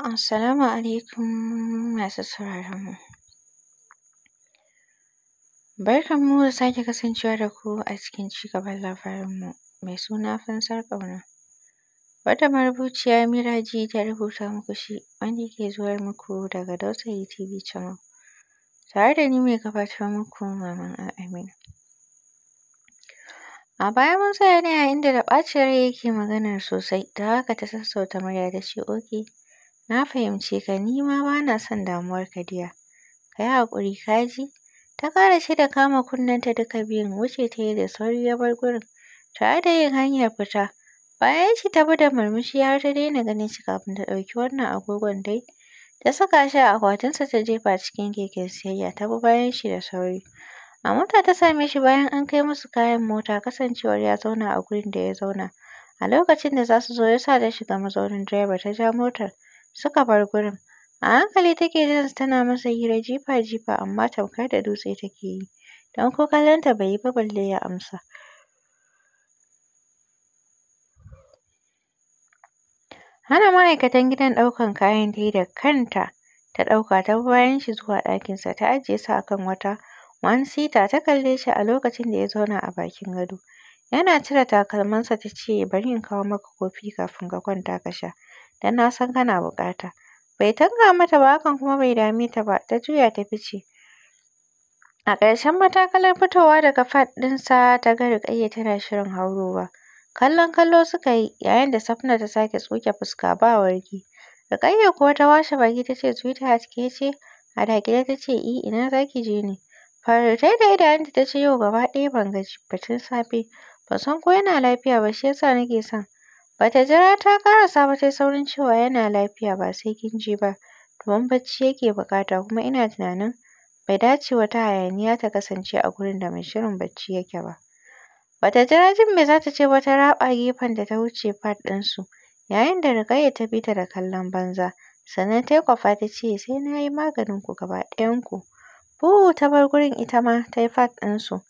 Assalamu alaikum masu sauraron mu. Barkan mu da sake kasancewa da ku a cikin cigaban labarin mu mai suna fansar ƙauna. Wata marubuciya Miraji ta rubuta muku shi wanda yake zuwa muku daga Dausayi TV Channel. Tare da ni mai gabatar muku Maman Al'amina. A baya mun saya ne a inda da ɓacin rai yake maganar sosai, don haka ta sassauta murya da ce oke Na fahimce ka nima bana ba na son damuwar ka kayi Ka yi haƙuri ka ji. Ta ƙara shi da kama ta duka biyun wuce ta yi da sauri ya bar gurin. Tare da yin hanyar fita. Bayan shi ta bi da murmushi har ta daina ganin shi kafin ta ɗauki wannan agogon dai. Ta saka shi a akwatinsa ta jefa cikin keken siyayya ta bi bayan shi da sauri. A mota ta same shi bayan an kai musu kayan mota kasancewar ya zauna a gurin da ya zauna. A lokacin da za su zo ya sa ta shiga mazaunin direba ta ja motar. suka bar gurin. A hankali take jin tana masa hira jifa-jifa amma tamkar da dutse take yi, don ko kallonta bai yi ba balle ya amsa. Hana ma'aikatan gidan ɗaukan kayan ta yi da kanta ta ɗauka ta bi bayan shi zuwa ɗakinsa ta ajiye su a kan wata one-seater ta kalle shi a lokacin da ya zauna a bakin gado. Yana cire takalmansa ta ce bari in kawo maka kofi kafin ka kwanta ka sha. don na san kana buƙata. Bai tanka mata ba hakan kuma bai dame ta ba, ta juya ta fice. A ƙarshen matakalar fitowa daga fat ɗinsa ta ga Rukayya tana shirin ba Kallon kallo suka yi yayin da Safna ta sake tsuke fuska ba wargi. Rukayya kuwa ta washe baki ta ce zuciya a cike ce, a dakile ta ce i eh, ina za ki je ne. Farautai da idanunta ta ce yau gaba ɗaya ban gaji batun safe, ban san ko yana lafiya ba shi ya sa nake son Bata jira ta karasa ba tai saurin cewa yana lafiya ba sai kin je ba domin bacci yake buƙata kuma ina tunanin bai dace wata hayaniya ta kasance a gurin da mai shirin bacci yake ba. Bata jira jin me zata ce wata ta raɓa gefen da ta wuce pad ɗinsu yayin da rigaya ta bi ta da kallon banza sannan tayi kwafa ta ce sai na yi maganin ku gaba ɗayan ku. Buhu ta bar gurin ita ma tayi pad ɗinsu.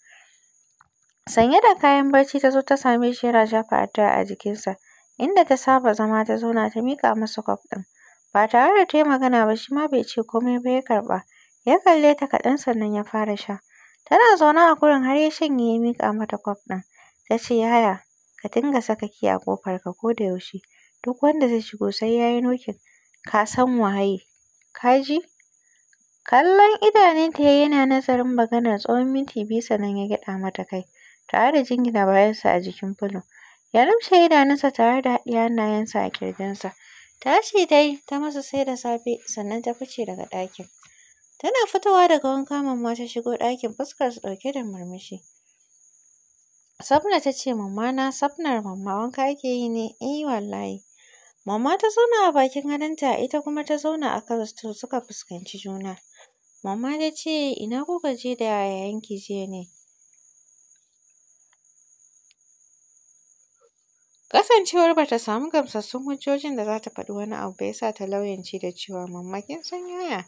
Sanye da kayan barci zo ta same shi yana shafa addu'a a jikinsa inda ta saba zama ta zauna ta mika masa kwaf ɗin. Ba tare da ta yi magana ba shima bai ce komai ba ya karɓa. Ya kalle ta kaɗan sannan ya fara sha. Tana zaune a gurin har ya shanye ya mika mata kwaf ɗin. Ta ce yaya ka dinga saka ki a ƙofarka ko da yaushe. Duk wanda zai shigo sai yayi yi nokin. Ka san waye. Ka ji? Kallon idanunta ta yana nazarin maganar tsawon minti biyu sannan ya gyaɗa mata kai. Tare da jingina bayansa a jikin fulo. Ya rufe idanunsa tare da haɗiye hannayensa a ƙirjinsa. Tashi dai ta masa sai da safe sannan ta fice daga ɗakin. Tana fitowa daga wanka mamma ta shigo ɗakin su ɗauke da murmushi. Sabna ta ce mamma na sabnar mamma wanka ake yi ne eh wallahi. Mamma ta zauna a bakin gadonta ita kuma ta zauna a kan stool suka fuskanci juna. Mamma ta ce ina kuka je da yayanki jiya ne? Kasancewar bata ta samu gamsassun hujjojin da zata faɗi wani abu ba ya sa ta lauyance da cewa mamma kin yi waya.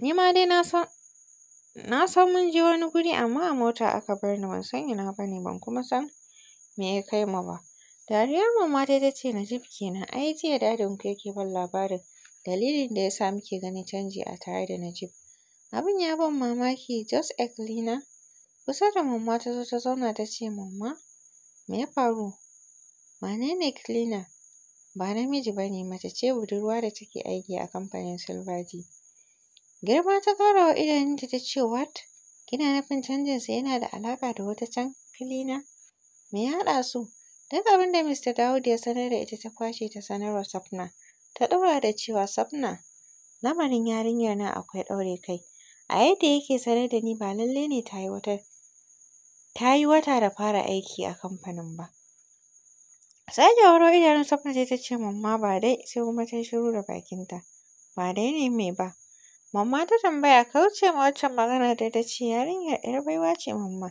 ni ma dai na san mun je wani guri amma a mota aka bar ni ban san ina ba ne ban kuma san me ya kai mu ba. Dariyar mamma dai ta ce Najib kenan ai jiya ku yake ban labarin dalilin da ya sa muke ganin canji a tare da Najib. Abin ya ban mamaki Jos Eklina kusa da mamma ta zo ta zauna ta ce mamma me ya faru Wanene Cleaner? Ba namiji ba ne, mace ce budurwa da take aiki a kamfanin Silvertee. Girma ta ƙarawa wa idanunta ta ce, What? Kina nufin canjinsa yana da alaƙa da wata can, Cleaner? Me ya haɗa su? Duk abin da Mr. Dawud ya sanar da ita ta kwashe ta sanarwa Safna. Ta ɗora da cewa Safna, lamarin yarinyar nan akwai ɗaure kai. A yadda yake sanar da ni ba lallai ne tayi ta yi wata da fara aiki a kamfanin ba. Sake waro idanun Safna ta ce mamma ba dai sai kuma ta yi shiru da bakinta. Ba dai ne me ba? Mamma ta tambaya kauce ma waccan magana da ta ce yarinyar ‘yar baiwa ce mamma.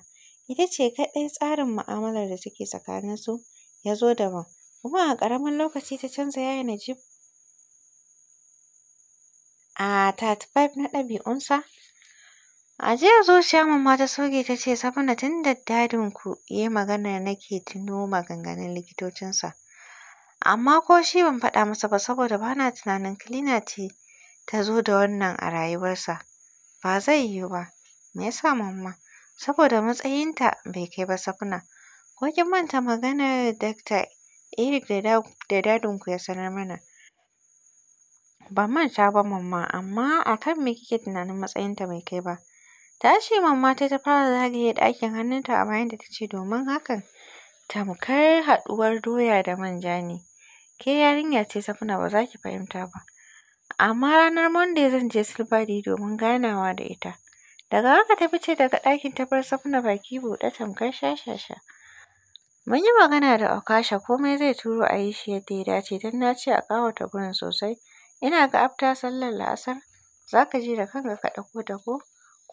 Ita ce kaɗai tsarin mu'amalar da take su. ya zo daban. Kuma a ƙaramin lokaci ta canza yaya Najib a 35 na ɗabi'unsa. A zo zuciya mamma ta soke ta ce Sabna tun da dadinku ya yi magana nake tuno maganganun likitocinsa. Amma ko shi ban faɗa masa ba saboda ba na tunanin kilina ce ta zo da wannan a rayuwarsa. Ba zai yiwu ba. Me yasa mamma? Saboda matsayinta bai kai ba Sabna. Ko kin manta maganar Dr Eric da dadinku ya sanar mana? Ban manta ba mamma amma a kan me kike tunanin matsayinta bai kai ba? Tashi mamma ta ta fara zagaye ɗakin hannunta a bayan da ta ce domin hakan tamkar haɗuwar doya da manja ne. Ke yarinya ce Safina ba za ki fahimta ba. Amma ranar Monday zan je Silvadi domin ganawa da ita. Daga haka ta fice daga ɗakin ta bar Safina baki buɗe tamkar shashasha. Mun yi magana da Okasha komai zai turo a yi shi yadda ya dace don na ce a ƙawata gurin sosai. Ina ga after sallar la'asar za ka je da kanka ka ɗauko ko?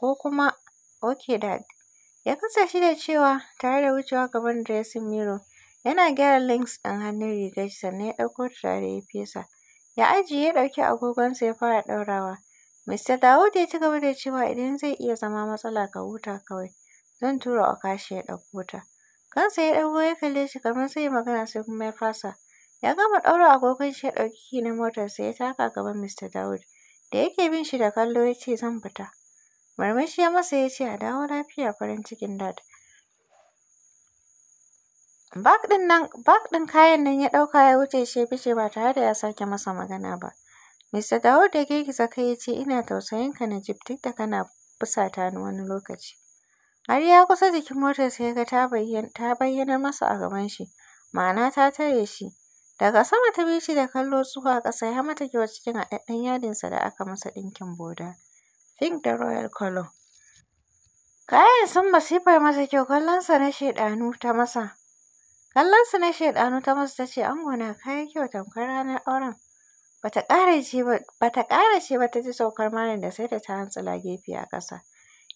ko kuma “OK Dad,” ya kasance da cewa tare da wucewa gaban dressing mirror yana gyara links ɗin hannun shi, sannan ya ɗauko turare ya fesa. Ya ajiye ya ɗauki agogonsa ya fara ɗaurawa. Mr. Dawood ya ci gaba da cewa idan zai iya zama matsala ka huta kawai, zan tura Okasha ya ɗauko ta. Kansa ya ɗago ya kalle shi kamar zai yi magana sai kuma ya fasa. Ya gama agogon shi ya ɗauki ki motarsa ya taka gaban Mr. Dawood da yake bin shi da kallo ya ce “Zan fita.” Marmashi ya masa ya ce a dawo lafiya farin cikin dad. Bak ɗin kayan nan ya ɗauka ya wuce shi fice ba tare da ya sake masa magana ba. Mr. Gawur da girgiza kai ya ce ina tausayinka na Najib duk da kana fusata ni wani lokaci. Har ya kusa jikin motar sai ga ta bayyana masa a gaban shi, ma'ana ta tare shi. Daga sama ta bi shi da kallo tsuwa ƙasa ya mata kyau cikin haɗaɗɗen yadinsa da aka masa ɗinkin boda. pink da royal colour. Kayan sun masifar masa kyau kallonsa na shaidanu ta masa. Kallonsa na shaidanu ta masa ta ce angona kayan kyau tamkar ranar auren. Bata ƙara ce ba ta ji saukar marin da sai da ta hantsila gefe a ƙasa.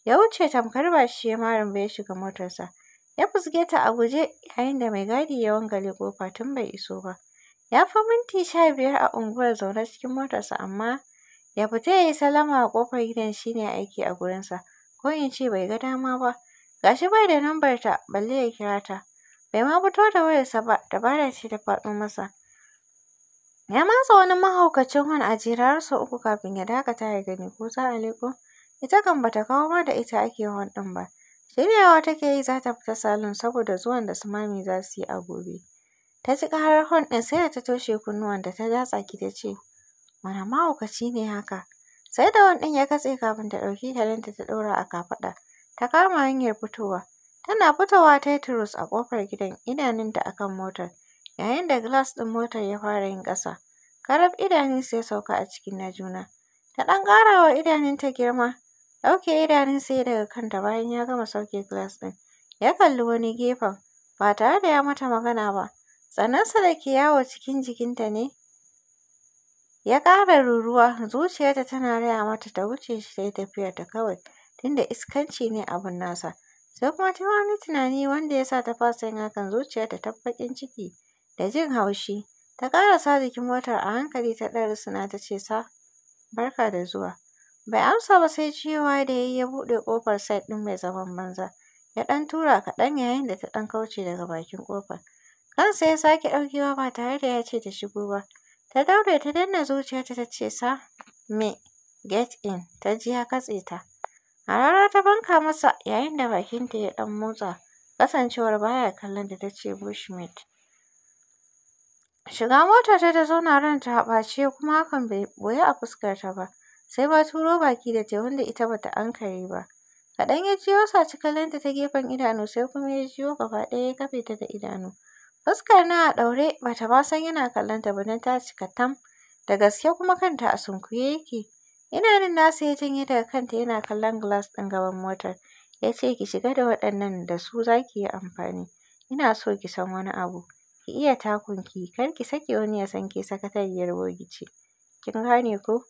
Ya wuce tamkar ba shi marin ba ya shiga motarsa. Ya fusge ta a guje yayin da mai gadi ya wangale kofa tun bai iso ba. Ya fi minti sha biyar a unguwar zaune cikin motarsa amma Ya fita ya yi sallama a kofar gidan shi ne aiki a gurinsa, ko in ce bai ga dama ba. Ga shi bai da ta balle ya kira ta. Bai ma fito da wayarsa ba, dabara ce ta faɗo masa. Ya matsa wani mahaukacin hon a jere uku kafin ya dakata ya gani ko za a leƙo. Ita kan bata kawo ma da ita ake hon ɗin ba. Shiryawa take yi za ta fita salon saboda zuwan da su mami za su yi a gobe. Ta ji ƙarar hon ɗin sai da ta toshe kunnuwan da ta datsa ki ta ce Mana mahaukaci ne haka. Sai da wani ɗan ya katse kafin ta ɗauki talenta ta ɗora a kafaɗa. Ta kama hanyar fitowa. Tana fitowa ta turus a ƙofar gidan idanunta a kan motar. Yayin da gilas ɗin motar ya fara yin ƙasa. Karaf idanunsa ya sauka a cikin na juna. Ta ɗan ƙara wa idanunta girma. Ɗauke idanun ya daga kanta bayan ya gama sauke gilas ɗin. Ya kalli wani gefen ba tare da ya mata magana ba. Tsanansa da ke yawo cikin jikinta ne Ya ƙara ruruwa, zuciyarta tana raya mata ta wuce shi ta yi tafiyarta kawai, tunda iskanci ne abun nasa. Sai kuma ta wani tunani wanda ya sa ta fasa yin hakan zuciyarta ta baƙin ciki da jin haushi. Ta sa jikin motar a hankali ta ɗan rusuna ta ce sa barka da zuwa. Bai amsa ba sai cewa da yayi ya buɗe ƙofar side ɗin mai zaman banza. Ya ɗan tura kaɗan yayin da ta ɗan kauce daga bakin ƙofar. Kansa ya sake ɗaukewa ba tare da ya ce ta shigo ba. Ta daure ta danna zuciyarta ta ce sa me get in ta ji ya katse ta. Harara ta banka masa yayin da bakinta ya ɗan motsa kasancewar baya kallon da ta ce bushmeat. Shiga mota ta ta zauna ranta a ɓace kuma hakan bai boye a fuskarta ba sai ba turo baki da ta wanda ita bata ankare ba. Kaɗan ya jiyo saci kallonta ta gefen idanu sai kuma ya jiyo gaba ɗaya ya kafe ta da idanu. Fuskar na a ɗaure ba ta ma san yana ta ba don ta cika tam da gaske kuma kanta a sunkuye yake. Ina nan nasa ya janye daga kanta yana kallon glass ɗin gaban motar. Ya ce ki shiga da waɗannan da su za ki yi amfani. Ina so ki san wani abu. Ki iya takunki kar ki sake wani ya san ke sakatariyar bogi Kin gane ko?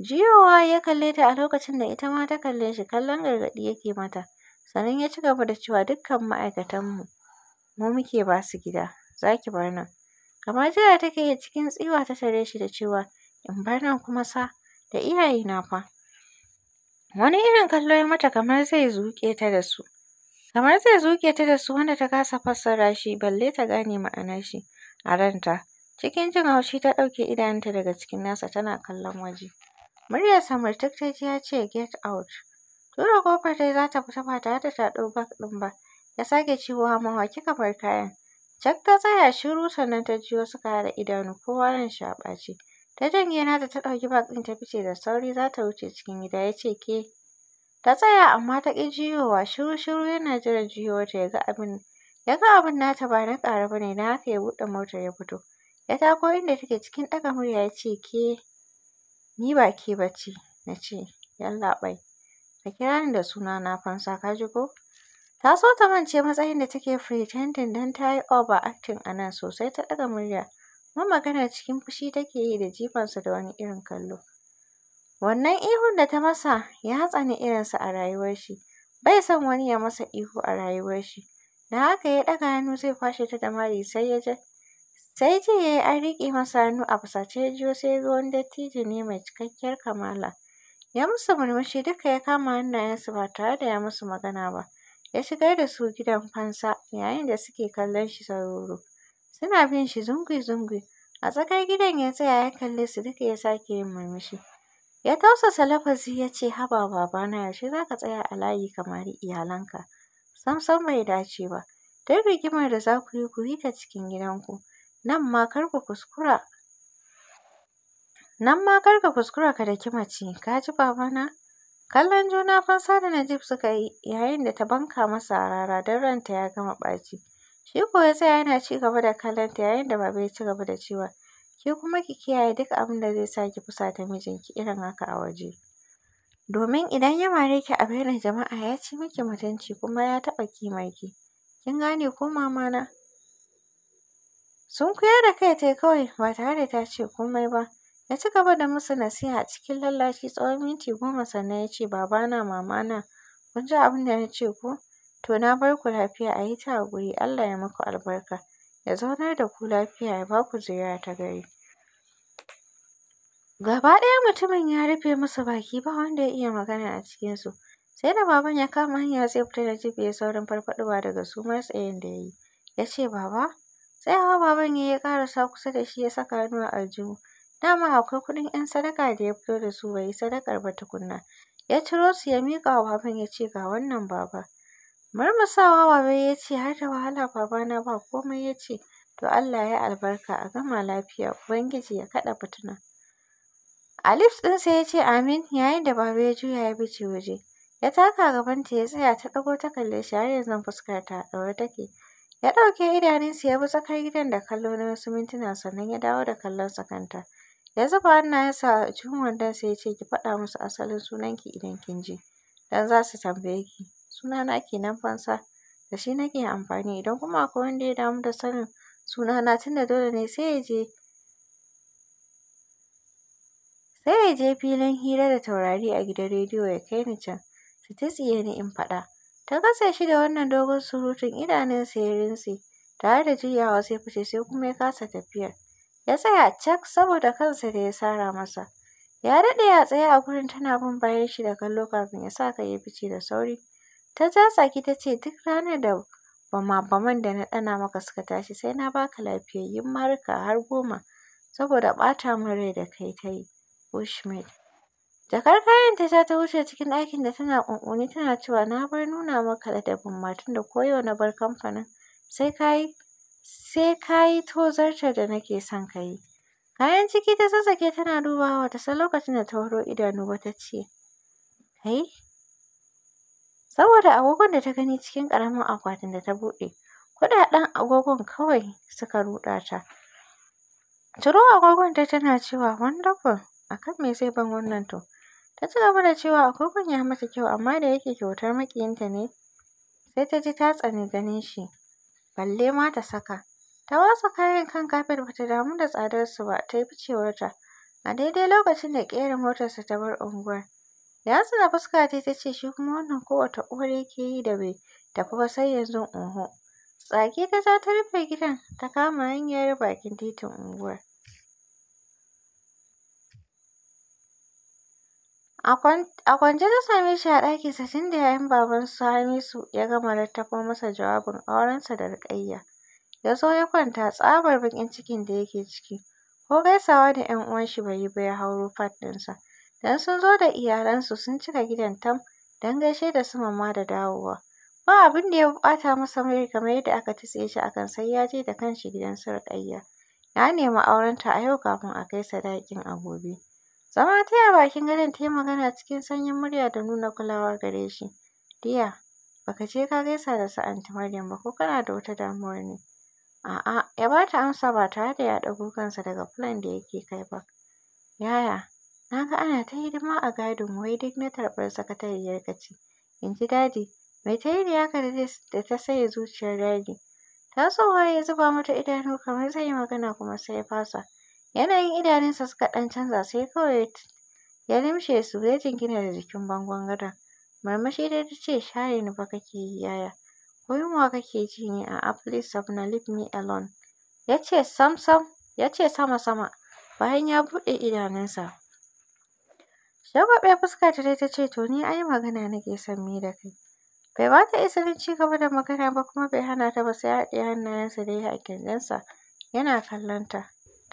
Jiyowa ya kalle ta a lokacin da ita ma ta kalle shi kallon gargaɗi yake mata. Sannan ya ci gaba da cewa dukkan ma'aikatanmu mu muke ba su gida, za ki bar nan. amma jira take yi cikin tsiwa ta tare shi da cewa in bar nan kuma sa da iyayena fa. Wani irin kallo ya mata kamar zai zuƙe ta da su. Kamar zai zuƙe ta da su wanda ta kasa fassara shi balle ta gane ma'anar shi a ranta. Cikin jin haushi ta ɗauke idanunta daga cikin nasa tana kallon waje. Muryar samartak ta ya ce get out. Tura ƙofar dai za ta fita ba tare da ta ɗau bag ɗin ba. ya sake ciwo ma wa kika bar kayan Jack ta tsaya shiru sannan ta jiyo suka haɗa idanu kowa ran shi a Ta janye nata ta ɗauki bag ɗin ta fice da sauri za ta wuce cikin gida ya ce ke. Ta tsaya amma ta ƙi jiyowa shiru shiru yana jiran jiyowarta ya ga abin ya ga abin nata ba na ƙara ba ne don haka ya buɗe motar ya fito. Ya tako inda take cikin ɗaga murya ya ce ke ni ba ke ba ce na ce yallaɓai ka kira ni da suna na fansa ka ji ko. Ta so ta mance matsayin da take pretending don ta yi overacting a nan sosai ta ɗaga murya. Kuma magana cikin fushi take yi da jifansa da wani irin kallo. Wannan ihun da ta masa ya tsani irinsa a rayuwar shi. Bai son wani ya masa ihu a rayuwar shi. Da haka ya ɗaga hannu zai kwashe ta da mari sai ya je. Sai jiya ya yi an riƙe masa hannu a fusace ya jiyo sai ya ga wani dattijo ne mai cikakkiyar kamala. Ya musu murmushi duka ya kama hannayensu ba tare da ya musu magana ba. ya shigar da su gidan fansa yayin da suke kallon shi saroro. Suna bin shi zungwi-zungwi. A tsakar gidan ya tsaya ya kalle su duka ya sake yin murmushi. Ya tausasa lafazi ya ce haba babana yaushe za ka tsaya a layi kamar iyalanka. sam bai dace ba. dan rigimar da za ku yi ku yi ta cikin gidanku. Nan ma kar ku kuskura. Nan ma kar ka kuskura ka daki mace, ka ji babana? Kallon juna fansa da Najib suka yi yayin da ta banka masa rara don ranta ya gama ɓaci, shi kuwa ya tsaya yana ci gaba da kallonta yayin da Baba ya ci gaba da cewa, "Ke kuma ki kiyaye duk abin da zai sa ki fusata mijinki irin haka a waje, domin idan ya mare ki a bainar jama'a ya ci miki mutunci kuma ya taɓa kimar ki, kin gane ko Mama na?" Sunkuyar da kai tai kawai ba tare da ta ce komai ba. Ya ci gaba da musu nasiha a cikin lallashi tsawon minti goma sannan ya ce, Babana, Mamana, kun ji abin da na ce ku? To na bar ku lafiya a yi ta haƙuri, Allah ya maku albarka, ya zaunar da ku lafiya, ya ba ku zuriya ta gari. Gaba ɗaya mutumin ya rufe musu baki ba wanda ya iya magana a cikin su Sai da baban ya kama hanya zai fita da jibi ya saurin farfaɗowa daga sumar tsayin da ya yi. Ya ce, Baba, tsayawa baban ya yi ya ƙarasa kusa da shi ya saka hannu a aljihu. Dama akwai kuɗin 'yan sadaka da ya fito da su bai yi sadakar ba tukunna. Ya ciro su ya miƙa wa baban ya ce ga wannan baba. Murmusawa baba ya ce har da wahala baba na ba komai ya ce to Allah ya albarka a gama lafiya Ubangiji ya kaɗa fitina. Alif sai ya ce amin yayin da baba ya juya ya bice waje. Ya taka gaban ta ya tsaya ta dago ta kalle shi har yanzu fuskar ta daure take. Ya ɗauke idanunsa ya bi tsakar gidan da kallo na wasu mintuna sannan ya dawo da kallon sakanta. Ya zuba hannayensa a cikin wandonsa ya ce, Ki faɗa musu asalin sunanki idan kin je, don za su tambaye ki. Sunana kenan Fansa, da shi nake amfani idan kuma akwai wanda ya damu da sanin sunana tunda dole ne sai ya je sai ya je filin hira da taurari a gidan rediyo ya kai ni can, su tsiye ni in faɗa. Ta gasa shi da wannan dogon surutun idanunsa ya rintse, tare da juyawa sai fice sai kuma ya kasa tafiyar. Ya tsaya cak saboda kansa da ya sara masa. Ya daɗe ya tsaye a gurin tana bin bayan shi da kallo kafin ya sa kai ya fice da sauri. Ta ja tsaki ta ce duk ranar da bama-baman da na ɗana maka suka tashi sai na baka lafiyayyun maruka har goma saboda ɓata min rai da kai ta yi. Bushmid. Jakar kayan ta ja ta wuce cikin ɗakin da tana ƙunƙuni tana cewa na bar nuna maka ladabin matan da koyaushe na bar kamfanin sai ka yi sai ka yi tozarta da nake son ka yi. Kayan ciki ta sassake tana dubawa ta san lokacin da ta horo idanu ba ta ce, Kai? Saboda agogon da ta gani cikin ƙaramin akwatin da ta buɗe, kuɗaɗen agogon kawai suka ruɗa ta. Ciro agogon ta tana cewa wonderful, a kan me zai ban wannan to? Ta ci gaba da cewa agogon ya mata kyau amma da yake kyautar maƙiyinta ne, sai ta ji ta tsani ganin shi. balle ma ta saka. Ta watsa kayan kan kafet ba ta damu da tsadar su ba ta yi ficewarta. A daidai lokacin da ƙerin motarsa ta bar unguwar. Ya tsina fuska ita ta ce shi kuma wannan kowace uwar yake yi da bai tafi ba sai yanzu oho. Tsaki ta ja ta rufe gidan ta kama hanyar bakin titin unguwar. A kwance ta same shi a ɗakinsa tun da yayin babansu Hamisu ya gama rattabo masa jawabin aurensa da Rukayya. Ya zo ya kwanta tsabar baƙin cikin da yake ciki. Ko gaisawa da 'yan shi bai yi ba ya hauro fat ɗinsa. Dan sun zo da iyalansu sun cika gidan tam don gaishe da su mamma da dawowa. Ba abin da ya ɓata masa mai kamar yadda aka tsaye shi akan sai ya je da kanshi gidan su Rukayya. Ya nemi aurenta a yau kafin a kai sadakin a gobe. Zama ta yi bakin gadon ta yi magana cikin sanyin murya da nuna kulawa gare shi. Dear, ba je ka gaisa da su Aunty Maryam ba ko kana da wata damuwar ne? A'a, ya ba ta amsa ba tare da ya ɗago kansa daga fulan da yake kai ba. Yaya, na ga ana ta hidima a gadon wai duk na tarbar sakatariyar ka ce. In ji Daddy, mai ta yi haka da ta saye zuciyar Daddy? Tasowa ya zuba mata idanu kamar zai yi magana kuma sai ya fasa. Yanayin idanunsa suka ɗan canza sai kawai ya limshe su ya jingina da jikin bangon gadon. Murmushi dai ta ce share ni fa kake yi yaya, ko yunwa kake ji ne A please Sabna leave me alone. Ya ce sam ya ce sama sama bayan ya buɗe idanunsa. Shagwaɓe fuska ta dai ta ce to ni ai magana nake son mu da kai. Bai ba ta izinin ci gaba da magana ba kuma bai hana ta ba sai ya haɗe hannayensa da yi a kirjinsa yana kallon